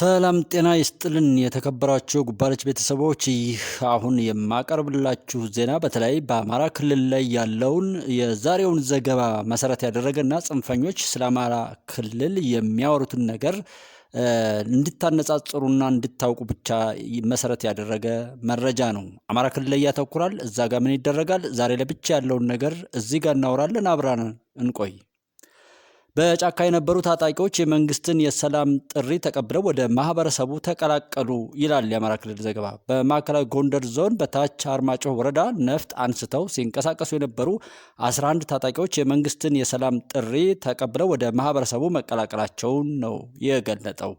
ሰላም ጤና ይስጥልን የተከበራችሁ ጉባለች ቤተሰቦች፣ ይህ አሁን የማቀርብላችሁ ዜና በተለይ በአማራ ክልል ላይ ያለውን የዛሬውን ዘገባ መሰረት ያደረገና ጽንፈኞች ስለ አማራ ክልል የሚያወሩትን ነገር እንድታነጻጽሩና እንድታውቁ ብቻ መሰረት ያደረገ መረጃ ነው። አማራ ክልል ላይ ያተኩራል። እዛ ጋር ምን ይደረጋል? ዛሬ ለብቻ ያለውን ነገር እዚህ ጋር እናውራለን። አብራን እንቆይ። በጫካ የነበሩ ታጣቂዎች የመንግስትን የሰላም ጥሪ ተቀብለው ወደ ማህበረሰቡ ተቀላቀሉ ይላል የአማራ ክልል ዘገባ። በማዕከላዊ ጎንደር ዞን በታች አርማጭሆ ወረዳ ነፍጥ አንስተው ሲንቀሳቀሱ የነበሩ 11 ታጣቂዎች የመንግስትን የሰላም ጥሪ ተቀብለው ወደ ማህበረሰቡ መቀላቀላቸውን ነው የገለጠው።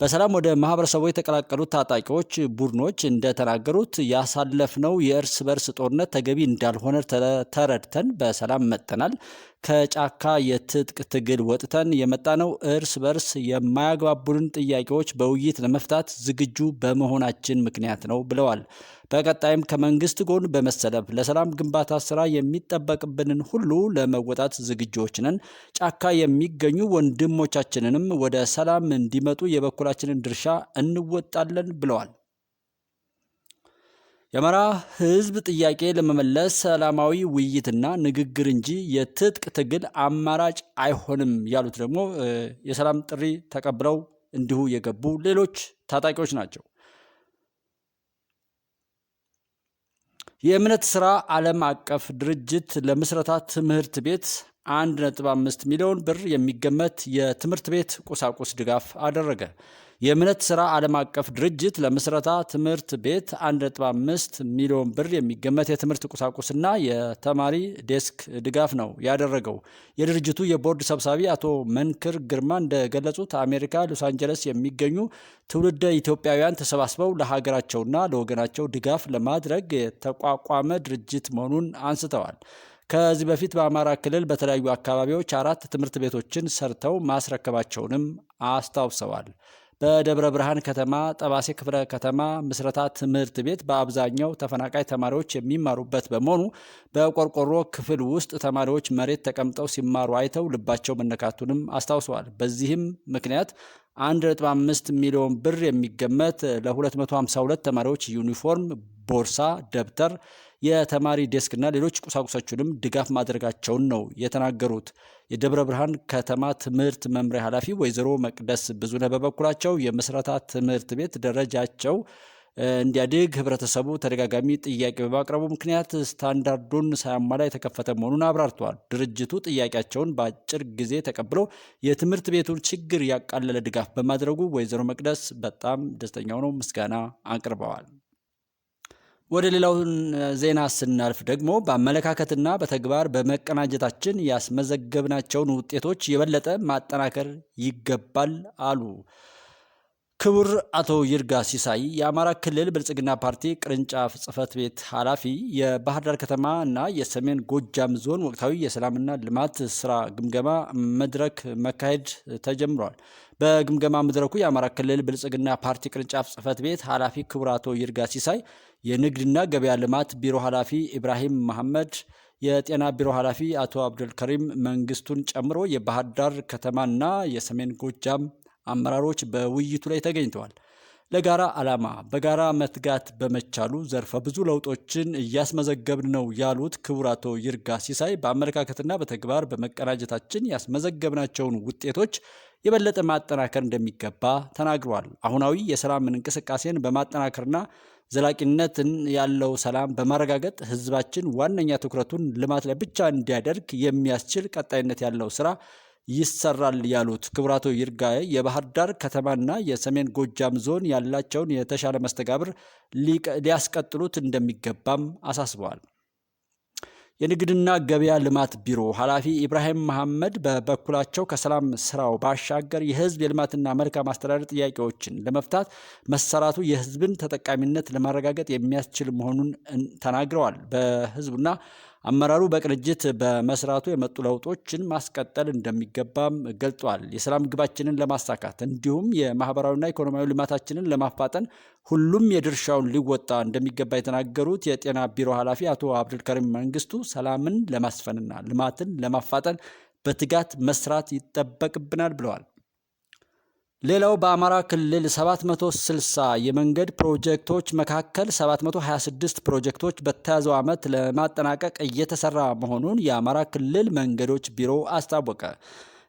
በሰላም ወደ ማህበረሰቡ የተቀላቀሉት ታጣቂዎች ቡድኖች እንደተናገሩት ያሳለፍነው የእርስ በርስ ጦርነት ተገቢ እንዳልሆነ ተረድተን በሰላም መጥተናል። ከጫካ የትጥቅ ትግል ወጥተን የመጣ ነው እርስ በርስ የማያግባቡንን ጥያቄዎች በውይይት ለመፍታት ዝግጁ በመሆናችን ምክንያት ነው ብለዋል። በቀጣይም ከመንግስት ጎን በመሰለፍ ለሰላም ግንባታ ስራ የሚጠበቅብንን ሁሉ ለመወጣት ዝግጁዎች ነን። ጫካ የሚገኙ ወንድሞቻችንንም ወደ ሰላም እንዲመጡ የበኩላችንን ድርሻ እንወጣለን ብለዋል። የአማራ ህዝብ ጥያቄ ለመመለስ ሰላማዊ ውይይትና ንግግር እንጂ የትጥቅ ትግል አማራጭ አይሆንም ያሉት ደግሞ የሰላም ጥሪ ተቀብለው እንዲሁ የገቡ ሌሎች ታጣቂዎች ናቸው። የእምነት ሥራ ዓለም አቀፍ ድርጅት ለምስረታ ትምህርት ቤት 1.5 ሚሊዮን ብር የሚገመት የትምህርት ቤት ቁሳቁስ ድጋፍ አደረገ። የእምነት ሥራ ዓለም አቀፍ ድርጅት ለምስረታ ትምህርት ቤት 1.5 ሚሊዮን ብር የሚገመት የትምህርት ቁሳቁስና የተማሪ ዴስክ ድጋፍ ነው ያደረገው። የድርጅቱ የቦርድ ሰብሳቢ አቶ መንክር ግርማ እንደገለጹት አሜሪካ ሎስ አንጀለስ የሚገኙ ትውልደ ኢትዮጵያውያን ተሰባስበው ለሀገራቸውና ለወገናቸው ድጋፍ ለማድረግ የተቋቋመ ድርጅት መሆኑን አንስተዋል። ከዚህ በፊት በአማራ ክልል በተለያዩ አካባቢዎች አራት ትምህርት ቤቶችን ሰርተው ማስረከባቸውንም አስታውሰዋል። በደብረ ብርሃን ከተማ ጠባሴ ክፍለ ከተማ ምስረታ ትምህርት ቤት በአብዛኛው ተፈናቃይ ተማሪዎች የሚማሩበት በመሆኑ በቆርቆሮ ክፍል ውስጥ ተማሪዎች መሬት ተቀምጠው ሲማሩ አይተው ልባቸው መነካቱንም አስታውሰዋል። በዚህም ምክንያት 1.5 ሚሊዮን ብር የሚገመት ለ252 ተማሪዎች ዩኒፎርም፣ ቦርሳ፣ ደብተር የተማሪ ዴስክና ሌሎች ቁሳቁሶችንም ድጋፍ ማድረጋቸውን ነው የተናገሩት። የደብረ ብርሃን ከተማ ትምህርት መምሪያ ኃላፊ ወይዘሮ መቅደስ ብዙነህ በበኩላቸው የምስረታ ትምህርት ቤት ደረጃቸው እንዲያድግ ህብረተሰቡ ተደጋጋሚ ጥያቄ በማቅረቡ ምክንያት ስታንዳርዱን ሳያሟላ የተከፈተ መሆኑን አብራርተዋል። ድርጅቱ ጥያቄያቸውን በአጭር ጊዜ ተቀብሎ የትምህርት ቤቱን ችግር ያቃለለ ድጋፍ በማድረጉ ወይዘሮ መቅደስ በጣም ደስተኛ ሆነው ምስጋና አቅርበዋል። ወደ ሌላውን ዜና ስናልፍ ደግሞ በአመለካከትና በተግባር በመቀናጀታችን ያስመዘገብናቸውን ውጤቶች የበለጠ ማጠናከር ይገባል አሉ። ክቡር አቶ ይርጋ ሲሳይ የአማራ ክልል ብልጽግና ፓርቲ ቅርንጫፍ ጽህፈት ቤት ኃላፊ የባህር ዳር ከተማ እና የሰሜን ጎጃም ዞን ወቅታዊ የሰላምና ልማት ስራ ግምገማ መድረክ መካሄድ ተጀምሯል። በግምገማ መድረኩ የአማራ ክልል ብልጽግና ፓርቲ ቅርንጫፍ ጽህፈት ቤት ኃላፊ ክቡር አቶ ይርጋ ሲሳይ፣ የንግድና ገበያ ልማት ቢሮ ኃላፊ ኢብራሂም መሐመድ የጤና ቢሮ ኃላፊ አቶ አብዱልከሪም መንግስቱን ጨምሮ የባህር ዳር ከተማና የሰሜን ጎጃም አመራሮች በውይይቱ ላይ ተገኝተዋል። ለጋራ ዓላማ በጋራ መትጋት በመቻሉ ዘርፈ ብዙ ለውጦችን እያስመዘገብን ነው ያሉት ክቡር አቶ ይርጋ ሲሳይ በአመለካከትና በተግባር በመቀናጀታችን ያስመዘገብናቸውን ውጤቶች የበለጠ ማጠናከር እንደሚገባ ተናግሯል። አሁናዊ የሰላም እንቅስቃሴን በማጠናከርና ዘላቂነትን ያለው ሰላም በማረጋገጥ ህዝባችን ዋነኛ ትኩረቱን ልማት ላይ ብቻ እንዲያደርግ የሚያስችል ቀጣይነት ያለው ስራ ይሰራል ያሉት ክቡራቶ ይርጋዬ የባህር ዳር ከተማና የሰሜን ጎጃም ዞን ያላቸውን የተሻለ መስተጋብር ሊያስቀጥሉት እንደሚገባም አሳስበዋል። የንግድና ገበያ ልማት ቢሮ ኃላፊ ኢብራሂም መሐመድ በበኩላቸው ከሰላም ስራው ባሻገር የህዝብ የልማትና መልካም አስተዳደር ጥያቄዎችን ለመፍታት መሰራቱ የህዝብን ተጠቃሚነት ለማረጋገጥ የሚያስችል መሆኑን ተናግረዋል። በህዝቡና አመራሩ በቅንጅት በመስራቱ የመጡ ለውጦችን ማስቀጠል እንደሚገባም ገልጿል። የሰላም ምግባችንን ለማሳካት እንዲሁም የማህበራዊና ኢኮኖሚያዊ ልማታችንን ለማፋጠን ሁሉም የድርሻውን ሊወጣ እንደሚገባ የተናገሩት የጤና ቢሮ ኃላፊ አቶ አብዱልከሪም መንግስቱ ሰላምን ለማስፈንና ልማትን ለማፋጠን በትጋት መስራት ይጠበቅብናል ብለዋል። ሌላው በአማራ ክልል 760 የመንገድ ፕሮጀክቶች መካከል 726 ፕሮጀክቶች በተያዘው ዓመት ለማጠናቀቅ እየተሰራ መሆኑን የአማራ ክልል መንገዶች ቢሮ አስታወቀ።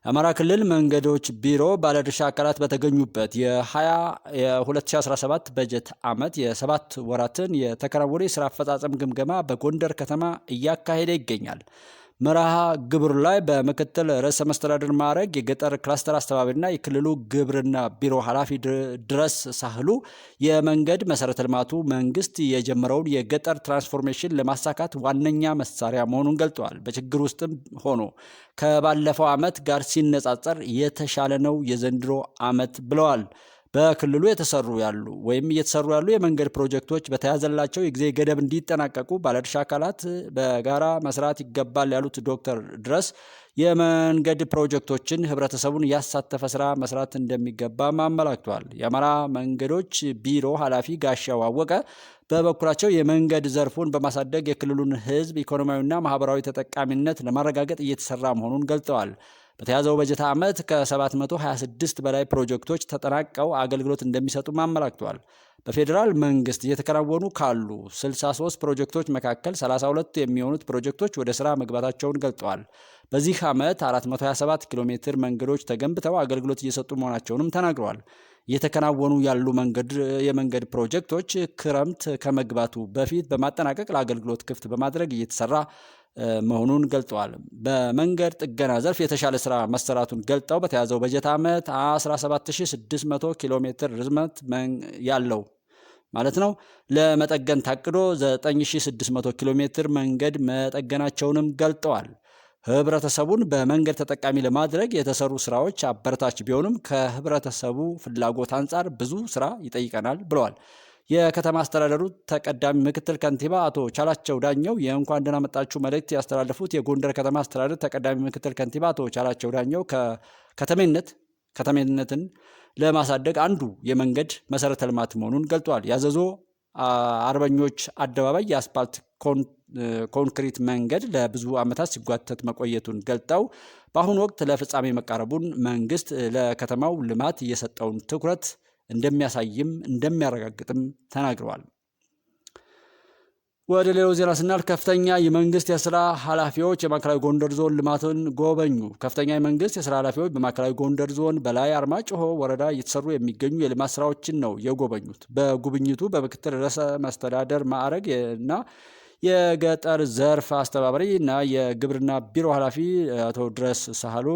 የአማራ ክልል መንገዶች ቢሮ ባለድርሻ አካላት በተገኙበት የ2017 በጀት ዓመት የሰባት ወራትን የተከናወነ የስራ አፈጻጸም ግምገማ በጎንደር ከተማ እያካሄደ ይገኛል። መርሃ ግብር ላይ በምክትል ርዕሰ መስተዳድር ማዕረግ የገጠር ክላስተር አስተባባሪና የክልሉ ግብርና ቢሮ ኃላፊ ድረስ ሳህሉ የመንገድ መሰረተ ልማቱ መንግስት የጀመረውን የገጠር ትራንስፎርሜሽን ለማሳካት ዋነኛ መሳሪያ መሆኑን ገልጠዋል። በችግር ውስጥም ሆኖ ከባለፈው ዓመት ጋር ሲነጻጸር የተሻለ ነው የዘንድሮ ዓመት ብለዋል። በክልሉ የተሰሩ ያሉ ወይም እየተሰሩ ያሉ የመንገድ ፕሮጀክቶች በተያዘላቸው የጊዜ ገደብ እንዲጠናቀቁ ባለድርሻ አካላት በጋራ መስራት ይገባል ያሉት ዶክተር ድረስ የመንገድ ፕሮጀክቶችን ህብረተሰቡን እያሳተፈ ስራ መስራት እንደሚገባም አመላክቷል። የአማራ መንገዶች ቢሮ ኃላፊ ጋሻው አወቀ በበኩላቸው የመንገድ ዘርፉን በማሳደግ የክልሉን ህዝብ ኢኮኖሚያዊና ማህበራዊ ተጠቃሚነት ለማረጋገጥ እየተሰራ መሆኑን ገልጠዋል። በተያዘው በጀት ዓመት ከ726 በላይ ፕሮጀክቶች ተጠናቀው አገልግሎት እንደሚሰጡም አመላክቷል። በፌዴራል መንግስት እየተከናወኑ ካሉ 63 ፕሮጀክቶች መካከል 32 የሚሆኑት ፕሮጀክቶች ወደ ሥራ መግባታቸውን ገልጠዋል። በዚህ ዓመት 427 ኪሎ ሜትር መንገዶች ተገንብተው አገልግሎት እየሰጡ መሆናቸውንም ተናግረዋል። እየተከናወኑ ያሉ የመንገድ ፕሮጀክቶች ክረምት ከመግባቱ በፊት በማጠናቀቅ ለአገልግሎት ክፍት በማድረግ እየተሰራ መሆኑን ገልጠዋል። በመንገድ ጥገና ዘርፍ የተሻለ ስራ መሰራቱን ገልጠው በተያዘው በጀት ዓመት 17600 ኪሎ ሜትር ርዝመት ያለው ማለት ነው ለመጠገን ታቅዶ 9600 ኪሎ ሜትር መንገድ መጠገናቸውንም ገልጠዋል። ህብረተሰቡን በመንገድ ተጠቃሚ ለማድረግ የተሰሩ ስራዎች አበረታች ቢሆኑም ከህብረተሰቡ ፍላጎት አንጻር ብዙ ስራ ይጠይቀናል ብለዋል። የከተማ አስተዳደሩ ተቀዳሚ ምክትል ከንቲባ አቶ ቻላቸው ዳኘው የእንኳን ደህና መጣችሁ መልእክት ያስተላለፉት የጎንደር ከተማ አስተዳደር ተቀዳሚ ምክትል ከንቲባ አቶ ቻላቸው ዳኘው ከተሜነት ከተሜነትን ለማሳደግ አንዱ የመንገድ መሰረተ ልማት መሆኑን ገልጧል ያዘዞ አርበኞች አደባባይ የአስፓልት ኮንክሪት መንገድ ለብዙ ዓመታት ሲጓተት መቆየቱን ገልጠው በአሁኑ ወቅት ለፍጻሜ መቃረቡን መንግስት ለከተማው ልማት እየሰጠውን ትኩረት እንደሚያሳይም እንደሚያረጋግጥም ተናግረዋል። ወደ ሌላው ዜና ስናልፍ ከፍተኛ የመንግስት የስራ ኃላፊዎች የማዕከላዊ ጎንደር ዞን ልማትን ጎበኙ። ከፍተኛ የመንግስት የስራ ኃላፊዎች በማዕከላዊ ጎንደር ዞን በላይ አርማጭሆ ወረዳ እየተሰሩ የሚገኙ የልማት ስራዎችን ነው የጎበኙት። በጉብኝቱ በምክትል ርዕሰ መስተዳደር ማዕረግ እና የገጠር ዘርፍ አስተባባሪ እና የግብርና ቢሮ ኃላፊ አቶ ድረስ ሳህሉ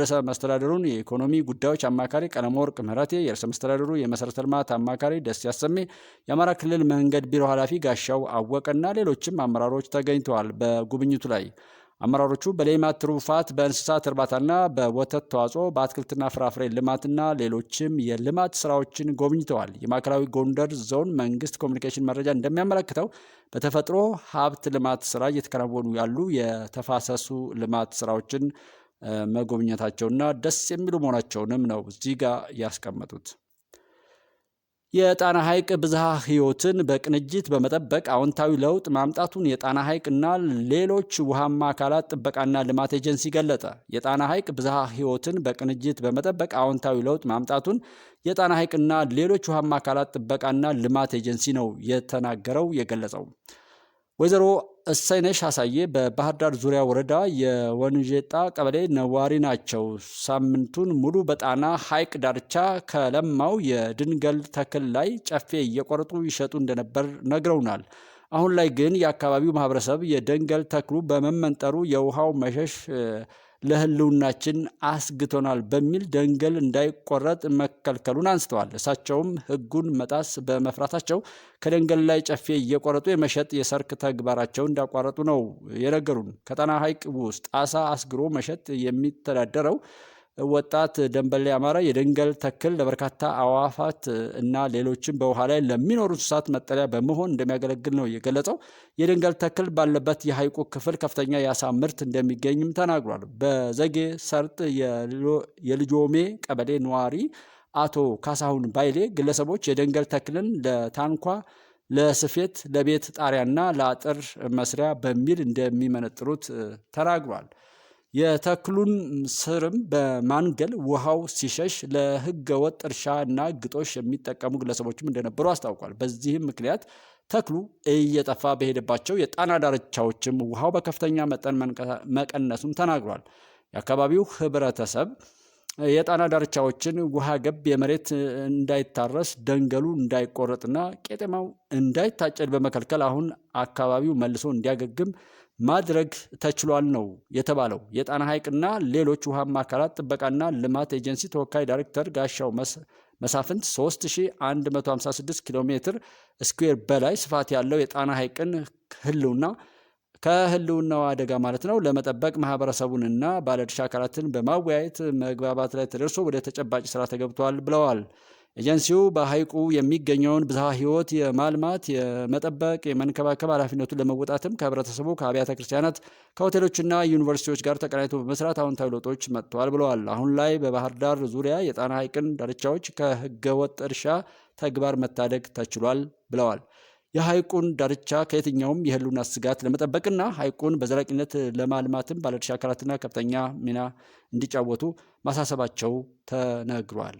ርዕሰ መስተዳደሩን የኢኮኖሚ ጉዳዮች አማካሪ ቀለመወርቅ ምህረቴ፣ የርዕሰ መስተዳደሩ የመሰረተ ልማት አማካሪ ደስ ያሰሜ፣ የአማራ ክልል መንገድ ቢሮ ኃላፊ ጋሻው አወቀና ሌሎችም አመራሮች ተገኝተዋል። በጉብኝቱ ላይ አመራሮቹ በሌማት ትሩፋት፣ በእንስሳት እርባታና በወተት ተዋጽኦ፣ በአትክልትና ፍራፍሬ ልማትና ሌሎችም የልማት ስራዎችን ጎብኝተዋል። የማዕከላዊ ጎንደር ዞን መንግስት ኮሚኒኬሽን መረጃ እንደሚያመለክተው በተፈጥሮ ሀብት ልማት ስራ እየተከናወኑ ያሉ የተፋሰሱ ልማት ስራዎችን መጎብኘታቸውና ደስ የሚሉ መሆናቸውንም ነው እዚህ ጋር ያስቀመጡት። የጣና ሐይቅ ብዝሃ ህይወትን በቅንጅት በመጠበቅ አዎንታዊ ለውጥ ማምጣቱን የጣና ሐይቅና ሌሎች ውሃማ አካላት ጥበቃና ልማት ኤጀንሲ ገለጠ። የጣና ሐይቅ ብዝሃ ህይወትን በቅንጅት በመጠበቅ አዎንታዊ ለውጥ ማምጣቱን የጣና ሐይቅና ሌሎች ውሃማ አካላት ጥበቃና ልማት ኤጀንሲ ነው የተናገረው የገለጸው። ወይዘሮ እሰይነሽ አሳዬ በባህር ዳር ዙሪያ ወረዳ የወንዤጣ ቀበሌ ነዋሪ ናቸው። ሳምንቱን ሙሉ በጣና ሐይቅ ዳርቻ ከለማው የድንገል ተክል ላይ ጨፌ እየቆረጡ ይሸጡ እንደነበር ነግረውናል። አሁን ላይ ግን የአካባቢው ማህበረሰብ የድንገል ተክሉ በመመንጠሩ የውሃው መሸሽ ለህልውናችን አስግቶናል በሚል ደንገል እንዳይቆረጥ መከልከሉን አንስተዋል። እሳቸውም ህጉን መጣስ በመፍራታቸው ከደንገል ላይ ጨፌ እየቆረጡ የመሸጥ የሰርክ ተግባራቸውን እንዳቋረጡ ነው የነገሩን። ከጣና ሐይቅ ውስጥ አሳ አስግሮ መሸጥ የሚተዳደረው ወጣት ደንበሌ አማረ የደንገል ተክል ለበርካታ አዋፋት እና ሌሎችም በውሃ ላይ ለሚኖሩ እንስሳት መጠለያ በመሆን እንደሚያገለግል ነው የገለጸው። የደንገል ተክል ባለበት የሐይቁ ክፍል ከፍተኛ የአሳ ምርት እንደሚገኝም ተናግሯል። በዘጌ ሰርጥ የልጆሜ ቀበሌ ነዋሪ አቶ ካሳሁን ባይሌ ግለሰቦች የደንገል ተክልን ለታንኳ ለስፌት፣ ለቤት ጣሪያና ለአጥር መስሪያ በሚል እንደሚመነጥሩት ተናግሯል። የተክሉን ስርም በማንገል ውሃው ሲሸሽ ለህገ ወጥ እርሻ እና ግጦሽ የሚጠቀሙ ግለሰቦችም እንደነበሩ አስታውቋል። በዚህም ምክንያት ተክሉ እየጠፋ በሄደባቸው የጣና ዳርቻዎችም ውሃው በከፍተኛ መጠን መቀነሱን ተናግሯል። የአካባቢው ህብረተሰብ የጣና ዳርቻዎችን ውሃ ገብ የመሬት እንዳይታረስ ደንገሉ እንዳይቆረጥና ቄጤማው እንዳይታጨድ በመከልከል አሁን አካባቢው መልሶ እንዲያገግም ማድረግ ተችሏል ነው የተባለው። የጣና ሐይቅና ሌሎች ውሃማ አካላት ጥበቃና ልማት ኤጀንሲ ተወካይ ዳይሬክተር ጋሻው መሳፍንት 3156 ኪሎ ሜትር ስኩዌር በላይ ስፋት ያለው የጣና ሐይቅን ህልውና ከህልውናው አደጋ ማለት ነው ለመጠበቅ ማህበረሰቡንና ባለድርሻ አካላትን በማወያየት መግባባት ላይ ተደርሶ ወደ ተጨባጭ ስራ ተገብቷል ብለዋል። ኤጀንሲው በሐይቁ የሚገኘውን ብዝሃ ህይወት የማልማት የመጠበቅ፣ የመንከባከብ ኃላፊነቱን ለመወጣትም ከህብረተሰቡ፣ ከአብያተ ክርስቲያናት፣ ከሆቴሎችና ዩኒቨርሲቲዎች ጋር ተቀናይቶ በመስራት አዎንታዊ ለውጦች መጥተዋል ብለዋል። አሁን ላይ በባህር ዳር ዙሪያ የጣና ሐይቅን ዳርቻዎች ከህገወጥ እርሻ ተግባር መታደግ ተችሏል ብለዋል። የሐይቁን ዳርቻ ከየትኛውም የህልውና ስጋት ለመጠበቅና ሐይቁን በዘላቂነት ለማልማትም ባለድርሻ አካላትና ከፍተኛ ሚና እንዲጫወቱ ማሳሰባቸው ተነግሯል።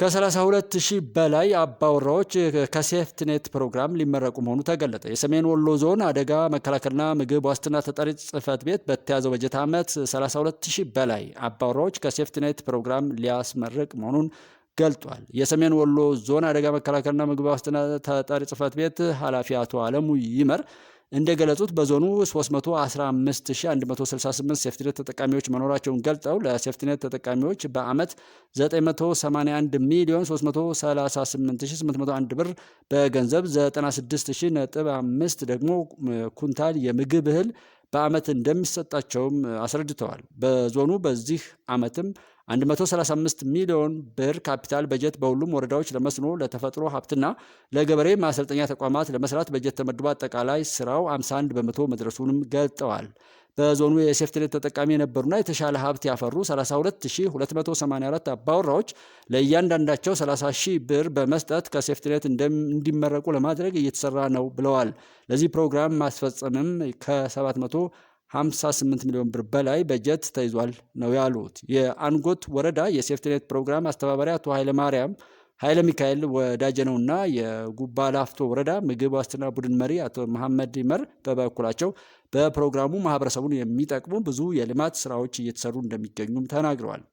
ከ32 ሺህ በላይ አባወራዎች ከሴፍትኔት ፕሮግራም ሊመረቁ መሆኑ ተገለጠ። የሰሜን ወሎ ዞን አደጋ መከላከልና ምግብ ዋስትና ተጠሪ ጽህፈት ቤት በተያዘው በጀት ዓመት 32 ሺህ በላይ አባወራዎች ከሴፍትኔት ፕሮግራም ሊያስመርቅ መሆኑን ገልጧል። የሰሜን ወሎ ዞን አደጋ መከላከልና ምግብ ዋስትና ተጠሪ ጽሕፈት ቤት ኃላፊ አቶ አለሙ ይመር እንደገለጹት በዞኑ 315168 ሴፍቲኔት ተጠቃሚዎች መኖራቸውን ገልጠው ለሴፍቲኔት ተጠቃሚዎች በዓመት 981 ሚሊዮን 338801 ብር በገንዘብ 965 ደግሞ ኩንታል የምግብ እህል በዓመት እንደሚሰጣቸውም አስረድተዋል። በዞኑ በዚህ ዓመትም 135 ሚሊዮን ብር ካፒታል በጀት በሁሉም ወረዳዎች ለመስኖ፣ ለተፈጥሮ ሀብትና ለገበሬ ማሰልጠኛ ተቋማት ለመስራት በጀት ተመድቦ አጠቃላይ ስራው 51 በመቶ መድረሱንም ገልጠዋል። በዞኑ የሴፍትኔት ተጠቃሚ የነበሩና የተሻለ ሀብት ያፈሩ 32284 አባወራዎች ለእያንዳንዳቸው 30 ሺህ ብር በመስጠት ከሴፍትኔት እንዲመረቁ ለማድረግ እየተሰራ ነው ብለዋል። ለዚህ ፕሮግራም ማስፈጸምም ከ700 58 ሚሊዮን ብር በላይ በጀት ተይዟል ነው ያሉት። የአንጎት ወረዳ የሴፍትኔት ፕሮግራም አስተባባሪ አቶ ኃይለማርያም ኃይለ ሚካኤል ወዳጀ ነውና የጉባ ላፍቶ ወረዳ ምግብ ዋስትና ቡድን መሪ አቶ መሐመድ ይመር በበኩላቸው በፕሮግራሙ ማህበረሰቡን የሚጠቅሙ ብዙ የልማት ስራዎች እየተሰሩ እንደሚገኙም ተናግረዋል።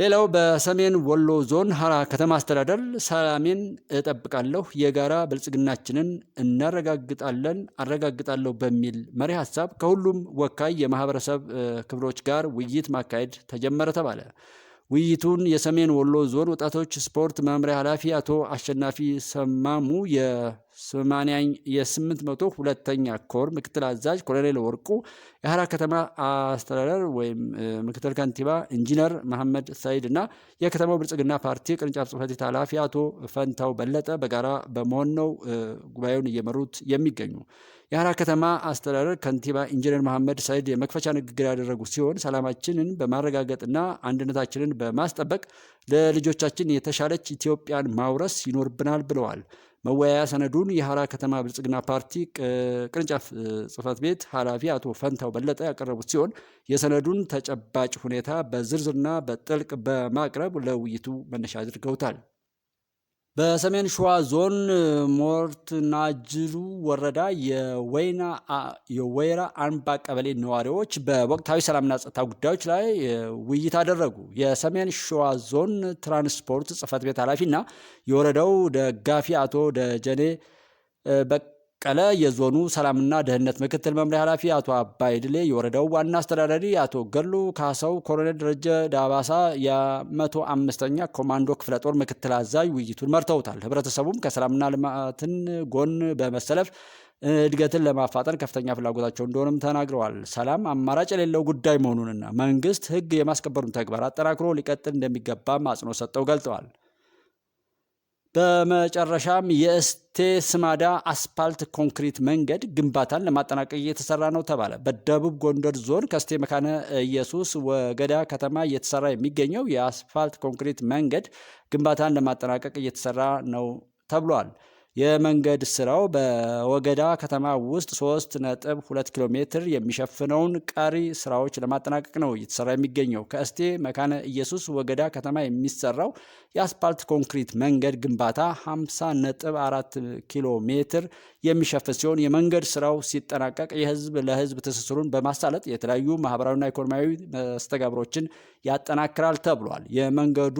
ሌላው በሰሜን ወሎ ዞን ሀራ ከተማ አስተዳደር ሰላሜን እጠብቃለሁ የጋራ ብልጽግናችንን እናረጋግጣለን አረጋግጣለሁ በሚል መሪ ሀሳብ ከሁሉም ወካይ የማህበረሰብ ክፍሎች ጋር ውይይት ማካሄድ ተጀመረ ተባለ። ውይይቱን የሰሜን ወሎ ዞን ወጣቶች ስፖርት መምሪያ ኃላፊ አቶ አሸናፊ ሰማሙ የስምንት መቶ ሁለተኛ ኮር ምክትል አዛዥ ኮሎኔል ወርቁ፣ የሀራ ከተማ አስተዳደር ወይም ምክትል ከንቲባ ኢንጂነር መሐመድ ሰይድ እና የከተማው ብልጽግና ፓርቲ ቅርንጫፍ ጽሕፈት ቤት ኃላፊ አቶ ፈንታው በለጠ በጋራ በመሆን ነው ጉባኤውን እየመሩት የሚገኙ። የሀራ ከተማ አስተዳደር ከንቲባ ኢንጂነር መሐመድ ሰይድ የመክፈቻ ንግግር ያደረጉ ሲሆን ሰላማችንን በማረጋገጥና አንድነታችንን በማስጠበቅ ለልጆቻችን የተሻለች ኢትዮጵያን ማውረስ ይኖርብናል ብለዋል። መወያያ ሰነዱን የሀራ ከተማ ብልጽግና ፓርቲ ቅርንጫፍ ጽህፈት ቤት ኃላፊ አቶ ፈንታው በለጠ ያቀረቡት ሲሆን የሰነዱን ተጨባጭ ሁኔታ በዝርዝርና በጥልቅ በማቅረብ ለውይይቱ መነሻ አድርገውታል። በሰሜን ሸዋ ዞን ሞርትናጅሉ ወረዳ የወይራ አንባ ቀበሌ ነዋሪዎች በወቅታዊ ሰላምና ጸጥታ ጉዳዮች ላይ ውይይት አደረጉ። የሰሜን ሸዋ ዞን ትራንስፖርት ጽህፈት ቤት ኃላፊ እና የወረዳው ደጋፊ አቶ ደጀኔ በቀ ቀለ የዞኑ ሰላምና ደህንነት ምክትል መምሪያ ኃላፊ አቶ አባይ ድሌ፣ የወረዳው ዋና አስተዳዳሪ አቶ ገሉ ካሳው፣ ኮሎኔል ደረጀ ዳባሳ የመቶ አምስተኛ ኮማንዶ ክፍለ ጦር ምክትል አዛዥ ውይይቱን መርተውታል። ህብረተሰቡም ከሰላምና ልማትን ጎን በመሰለፍ እድገትን ለማፋጠን ከፍተኛ ፍላጎታቸው እንደሆነም ተናግረዋል። ሰላም አማራጭ የሌለው ጉዳይ መሆኑንና መንግስት ህግ የማስከበሩን ተግባር አጠናክሮ ሊቀጥል እንደሚገባም አጽንኦት ሰጥተው ገልጠዋል። በመጨረሻም የእስቴ ስማዳ አስፓልት ኮንክሪት መንገድ ግንባታን ለማጠናቀቅ እየተሰራ ነው ተባለ። በደቡብ ጎንደር ዞን ከእስቴ መካነ ኢየሱስ ወገዳ ከተማ እየተሰራ የሚገኘው የአስፋልት ኮንክሪት መንገድ ግንባታን ለማጠናቀቅ እየተሰራ ነው ተብሏል። የመንገድ ስራው በወገዳ ከተማ ውስጥ 3.2 ኪሎ ሜትር የሚሸፍነውን ቀሪ ስራዎች ለማጠናቀቅ ነው እየተሰራ የሚገኘው። ከእስቴ መካነ ኢየሱስ ወገዳ ከተማ የሚሰራው የአስፓልት ኮንክሪት መንገድ ግንባታ 50.4 ኪሎ ሜትር የሚሸፍን ሲሆን የመንገድ ስራው ሲጠናቀቅ የህዝብ ለህዝብ ትስስሩን በማሳለጥ የተለያዩ ማህበራዊና ኢኮኖሚያዊ መስተጋብሮችን ያጠናክራል ተብሏል። የመንገዱ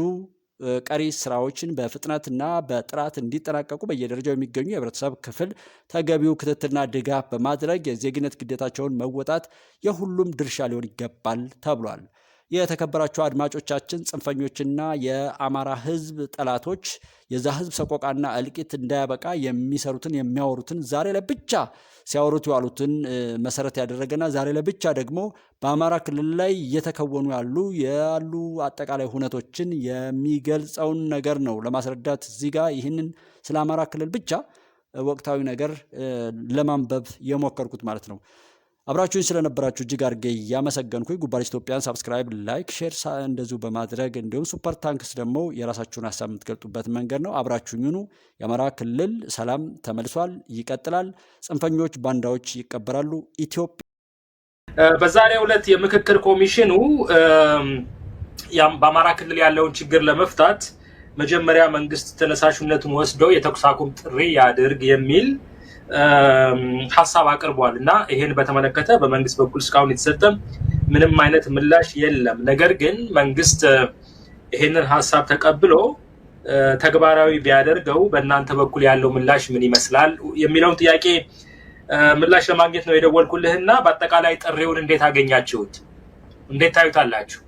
ቀሪ ስራዎችን በፍጥነትና በጥራት እንዲጠናቀቁ በየደረጃው የሚገኙ የህብረተሰብ ክፍል ተገቢው ክትትልና ድጋፍ በማድረግ የዜግነት ግዴታቸውን መወጣት የሁሉም ድርሻ ሊሆን ይገባል ተብሏል። የተከበራችሁ አድማጮቻችን፣ ጽንፈኞችና የአማራ ህዝብ ጠላቶች የዛ ህዝብ ሰቆቃና እልቂት እንዳያበቃ የሚሰሩትን የሚያወሩትን ዛሬ ለብቻ ሲያወሩት ያሉትን መሰረት ያደረገና ዛሬ ለብቻ ደግሞ በአማራ ክልል ላይ እየተከወኑ ያሉ ያሉ አጠቃላይ ሁነቶችን የሚገልጸውን ነገር ነው ለማስረዳት እዚህ ጋር ይህንን ስለ አማራ ክልል ብቻ ወቅታዊ ነገር ለማንበብ የሞከርኩት ማለት ነው። አብራችሁኝ ስለነበራችሁ እጅግ አድርጌ እያመሰገንኩኝ ጉባለች ኢትዮጵያን ሳብስክራይብ፣ ላይክ፣ ሼር እንደዚሁ በማድረግ እንዲሁም ሱፐር ታንክስ ደግሞ የራሳችሁን ሀሳብ የምትገልጡበት መንገድ ነው። አብራችሁኝ ሁኑ። የአማራ ክልል ሰላም ተመልሷል፣ ይቀጥላል። ጽንፈኞች ባንዳዎች ይቀበራሉ። ኢትዮጵያ በዛሬው ዕለት የምክክር ኮሚሽኑ በአማራ ክልል ያለውን ችግር ለመፍታት መጀመሪያ መንግስት ተነሳሽነቱን ወስዶ የተኩስ አቁም ጥሪ ያድርግ የሚል ሀሳብ አቅርቧል እና ይሄን በተመለከተ በመንግስት በኩል እስካሁን የተሰጠ ምንም አይነት ምላሽ የለም። ነገር ግን መንግስት ይህንን ሀሳብ ተቀብሎ ተግባራዊ ቢያደርገው በእናንተ በኩል ያለው ምላሽ ምን ይመስላል የሚለውን ጥያቄ ምላሽ ለማግኘት ነው የደወልኩልህና በአጠቃላይ ጥሪውን እንዴት አገኛችሁት? እንዴት ታዩታላችሁ?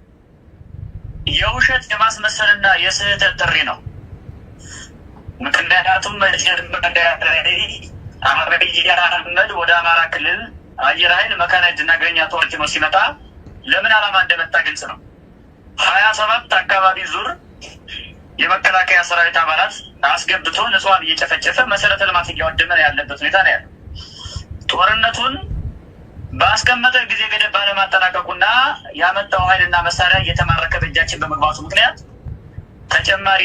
የውሸት የማስመሰልና የስህተት ጥሪ ነው። ምክንያቱም መጀመሪያ አብይ አህመድ ወደ አማራ ክልል አየር ኃይል መካናይዝድና እግረኛ ጦር ነው ሲመጣ ለምን ዓላማ እንደመጣ ግልጽ ነው። ሀያ ሰባት አካባቢ ዙር የመከላከያ ሰራዊት አባላት አስገብቶ ንጽዋን እየጨፈጨፈ መሰረተ ልማት እያወደመ ያለበት ሁኔታ ነው ያለው። ጦርነቱን በአስቀመጠ ጊዜ ገደብ ባለማጠናቀቁና ያመጣው ኃይልና መሳሪያ እየተማረከ በእጃችን በመግባቱ ምክንያት ተጨማሪ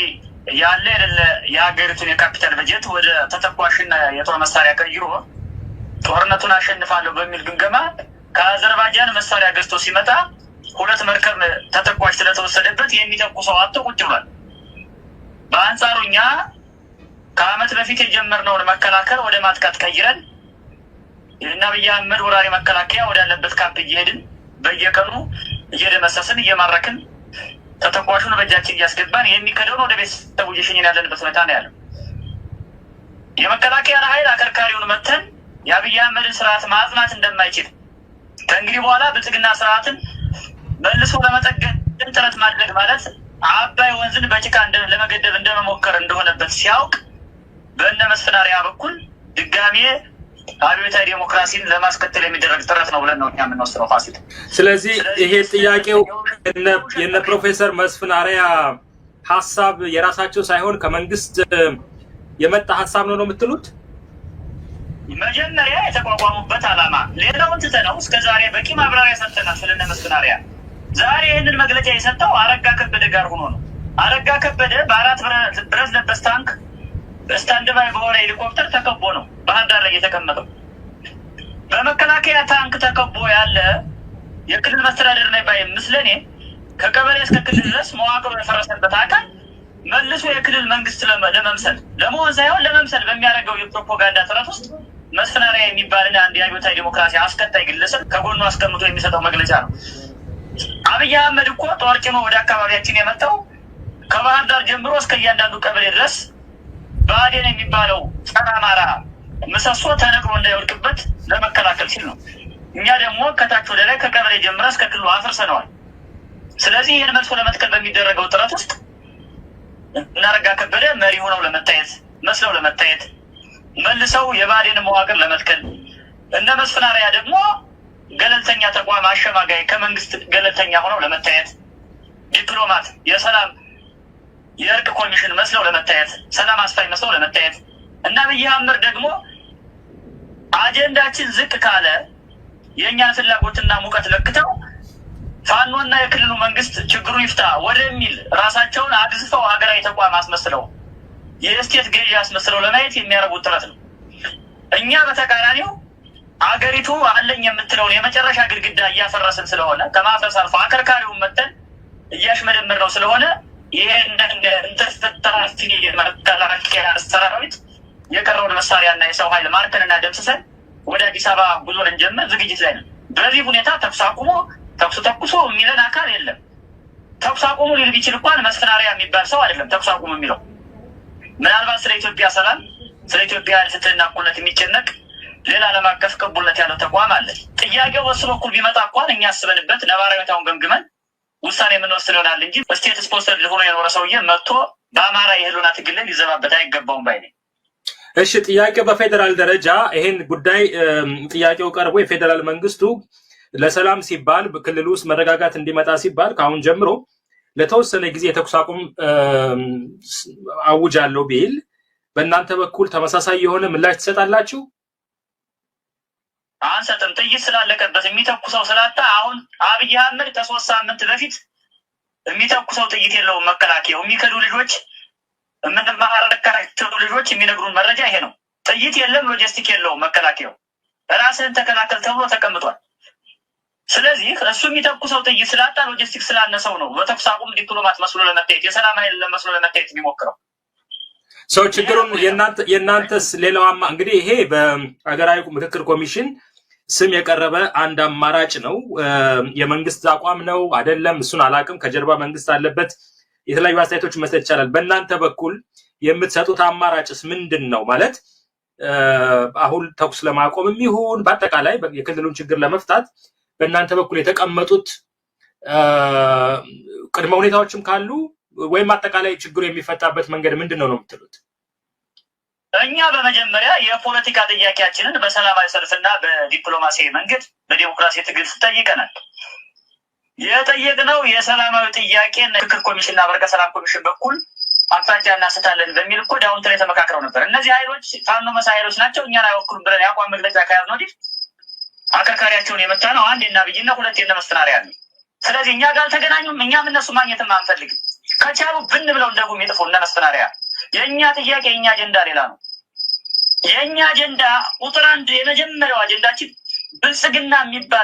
ያለ የሌለ የሀገሪቱን የካፒታል በጀት ወደ ተተኳሽና የጦር መሳሪያ ቀይሮ ጦርነቱን አሸንፋለሁ በሚል ግምገማ ከአዘርባጃን መሳሪያ ገዝቶ ሲመጣ ሁለት መርከብ ተተኳሽ ስለተወሰደበት የሚተኩሰው አጥቶ ቁጭ ብሏል። በአንጻሩ እኛ ከአመት በፊት የጀመርነውን መከላከል ወደ ማጥቃት ቀይረን የእነ አህመድ ወራሪ መከላከያ ወዳለበት ካምፕ እየሄድን በየቀኑ እየደመሰስን እየማረክን ተተኳሹን በእጃችን እያስገባን የሚከደውን ወደ ቤተሰቡ እየሸኘን ያለንበት ሁኔታ ነው ያለው። የመከላከያ ኃይል አከርካሪውን መተን የአብይ አህመድን ስርዓት ማጽናት እንደማይችል ከእንግዲህ በኋላ ብልጽግና ስርዓትን መልሶ ለመጠገን ጥረት ማድረግ ማለት አባይ ወንዝን በጭቃ ለመገደብ እንደመሞከር እንደሆነበት ሲያውቅ በእነ መስፍናሪያ በኩል ድጋሜ አብዮታዊ ዴሞክራሲን ለማስከተል የሚደረግ ጥረት ነው ብለን ነው የምንወስደው። ፋሲል፣ ስለዚህ ይሄ ጥያቄው የነ ፕሮፌሰር መስፍን አርያ ሀሳብ የራሳቸው ሳይሆን ከመንግስት የመጣ ሀሳብ ነው ነው የምትሉት? መጀመሪያ የተቋቋሙበት አላማ ሌላውን ትተነው እስከ ዛሬ በቂ ማብራሪያ ሰጥተናል። ስለነ መስፍን ዛሬ ይህንን መግለጫ የሰጠው አረጋ ከበደ ጋር ሆኖ ነው። አረጋ ከበደ በአራት ብረት ለበስ ታንክ ስታንድባይ በሆነ ሄሊኮፕተር ተከቦ ነው ባህር ዳር ላይ የተቀመጠው። በመከላከያ ታንክ ተከቦ ያለ የክልል መስተዳደር ላይ ባይ ምስለኔ ከቀበሌ እስከ ክልል ድረስ መዋቅር የፈረሰበት አካል መልሶ የክልል መንግስት ለመምሰል ለመሆን ሳይሆን ለመምሰል በሚያደርገው የፕሮፓጋንዳ ጥረት ውስጥ መስፈናሪያ የሚባልን አንድ የአብዮታዊ ዲሞክራሲ አስከታይ ግለሰብ ከጎኑ አስቀምጦ የሚሰጠው መግለጫ ነው። አብይ አህመድ እኮ ጦር ጭኖ ወደ አካባቢያችን የመጣው ከባህር ዳር ጀምሮ እስከ እያንዳንዱ ቀበሌ ድረስ ብአዴን የሚባለው ጸረ አማራ ምሰሶ ተነቅሮ እንዳይወድቅበት ለመከላከል ሲል ነው። እኛ ደግሞ ከታች ወደ ላይ ከቀበሌ ጀምረ እስከ ክልሉ አፍርሰነዋል። ስለዚህ ይህን መልሶ ለመትከል በሚደረገው ጥረት ውስጥ እናረጋ ከበደ መሪ ሆነው ለመታየት መስለው ለመታየት መልሰው የባዴን መዋቅር ለመትከል እነ መስፍናሪያ ደግሞ ገለልተኛ ተቋም አሸማጋይ ከመንግስት ገለልተኛ ሆነው ለመታየት ዲፕሎማት፣ የሰላም የእርቅ ኮሚሽን መስለው ለመታየት ሰላም አስፋይ መስለው ለመታየት እና ብያምር ደግሞ አጀንዳችን ዝቅ ካለ የእኛን ፍላጎትና ሙቀት ለክተው ፋኖና የክልሉ መንግስት ችግሩ ይፍታ ወደሚል ራሳቸውን አግዝፈው ሀገራዊ ተቋም አስመስለው የእስቴት ገዢ አስመስለው ለማየት የሚያደርጉት ጥረት ነው። እኛ በተቃራኒው አገሪቱ አለኝ የምትለውን የመጨረሻ ግድግዳ እያፈረስን ስለሆነ ከማፈርስ አልፎ አከርካሪውን መጠን እያሽመደምር ነው ስለሆነ ይህን እንተፈታፊ መከላከያ ሰራዊት የቀረውን መሳሪያና የሰው ኃይል ማርከንና ደምስሰን ወደ አዲስ አበባ ጉዞ ልንጀምር ዝግጅት ላይ ነው። በዚህ ሁኔታ ተኩስ አቁሞ ተኩስ ተኩሶ የሚለን አካል የለም። ተኩስ አቁሙ ሊል ቢችል እንኳን መስፈናሪያ የሚባል ሰው አይደለም ተኩስ አቁሙ የሚለው ምናልባት ስለ ኢትዮጵያ ሰላም፣ ስለ ኢትዮጵያ ፍትህና እኩልነት የሚጨነቅ ሌላ ዓለም አቀፍ ቅቡልነት ያለው ተቋም አለ። ጥያቄው በሱ በኩል ቢመጣ እንኳን እኛ አስበንበት ነባራዊታውን ገምግመን ውሳኔ የምንወስድ ይሆናል እንጂ ስቴት ስፖንሰር ሆኖ የኖረ ሰውዬ መጥቶ በአማራ የህልውና ትግል ሊዘባበት አይገባውም ባይ ነኝ። እሺ ጥያቄው በፌዴራል ደረጃ ይሄን ጉዳይ ጥያቄው ቀርቦ የፌዴራል መንግስቱ ለሰላም ሲባል በክልል ውስጥ መረጋጋት እንዲመጣ ሲባል ከአሁን ጀምሮ ለተወሰነ ጊዜ የተኩስ አቁም አውጃለሁ ቢል በእናንተ በኩል ተመሳሳይ የሆነ ምላሽ ትሰጣላችሁ? አንሰጥም። ጥይት ስላለቀበት የሚተኩሰው ስላጣ አሁን አብይ አህመድ ከሶስት ሳምንት በፊት የሚተኩሰው ጥይት የለውም መከላከያው የሚከዱ ልጆች የምንማራቸው ልጆች የሚነግሩን መረጃ ይሄ ነው። ጥይት የለም፣ ሎጂስቲክ የለውም መከላከያው። ራስህን ተከላከል ተብሎ ተቀምጧል። ስለዚህ እሱ የሚተኩሰው ጥይት ስላጣ ሎጂስቲክ ስላነሰው ነው በተኩስ አቁም ዲፕሎማት መስሎ ለመታየት የሰላም ኃይል መስሎ ለመታየት የሚሞክረው ሰው። ችግሩም የእናንተስ ሌላው እንግዲህ ይሄ በሀገራዊ ምክክር ኮሚሽን ስም የቀረበ አንድ አማራጭ ነው። የመንግስት አቋም ነው አይደለም፣ እሱን አላውቅም። ከጀርባ መንግስት አለበት የተለያዩ አስተያየቶችን መስጠት ይቻላል። በእናንተ በኩል የምትሰጡት አማራጭስ ምንድን ነው? ማለት አሁን ተኩስ ለማቆም ይሁን በአጠቃላይ የክልሉን ችግር ለመፍታት በእናንተ በኩል የተቀመጡት ቅድመ ሁኔታዎችም ካሉ ወይም አጠቃላይ ችግሩ የሚፈታበት መንገድ ምንድን ነው ነው የምትሉት? እኛ በመጀመሪያ የፖለቲካ ጥያቄያችንን በሰላማዊ ሰልፍና በዲፕሎማሲያዊ መንገድ በዴሞክራሲ ትግል ጠይቀናል። የጠየቅነው የሰላማዊ ጥያቄ ምክክር ኮሚሽንና በርቀ ሰላም ኮሚሽን በኩል አቅጣጫ እናስታለን በሚል እኮ ዳውንት ላይ ተመካክረው ነበር። እነዚህ ኃይሎች ፋኖ መሳይ ኃይሎች ናቸው እኛን አይወክሉም ብለን የአቋም መግለጫ ከያዝን ወዲህ አከርካሪያቸውን የመታ ነው። አንድ የእነ አብይና ሁለት የእነ መስፍናሪያ ነው። ስለዚህ እኛ ጋር አልተገናኙም። እኛም እነሱ ማግኘትም አንፈልግም። ከቻሉ ብን ብለው እንደጉም ይጥፉ እነ መስፍናሪያ። የእኛ ጥያቄ የእኛ አጀንዳ ሌላ ነው። የእኛ አጀንዳ ቁጥር አንድ የመጀመሪያው አጀንዳችን ብልጽግና የሚባል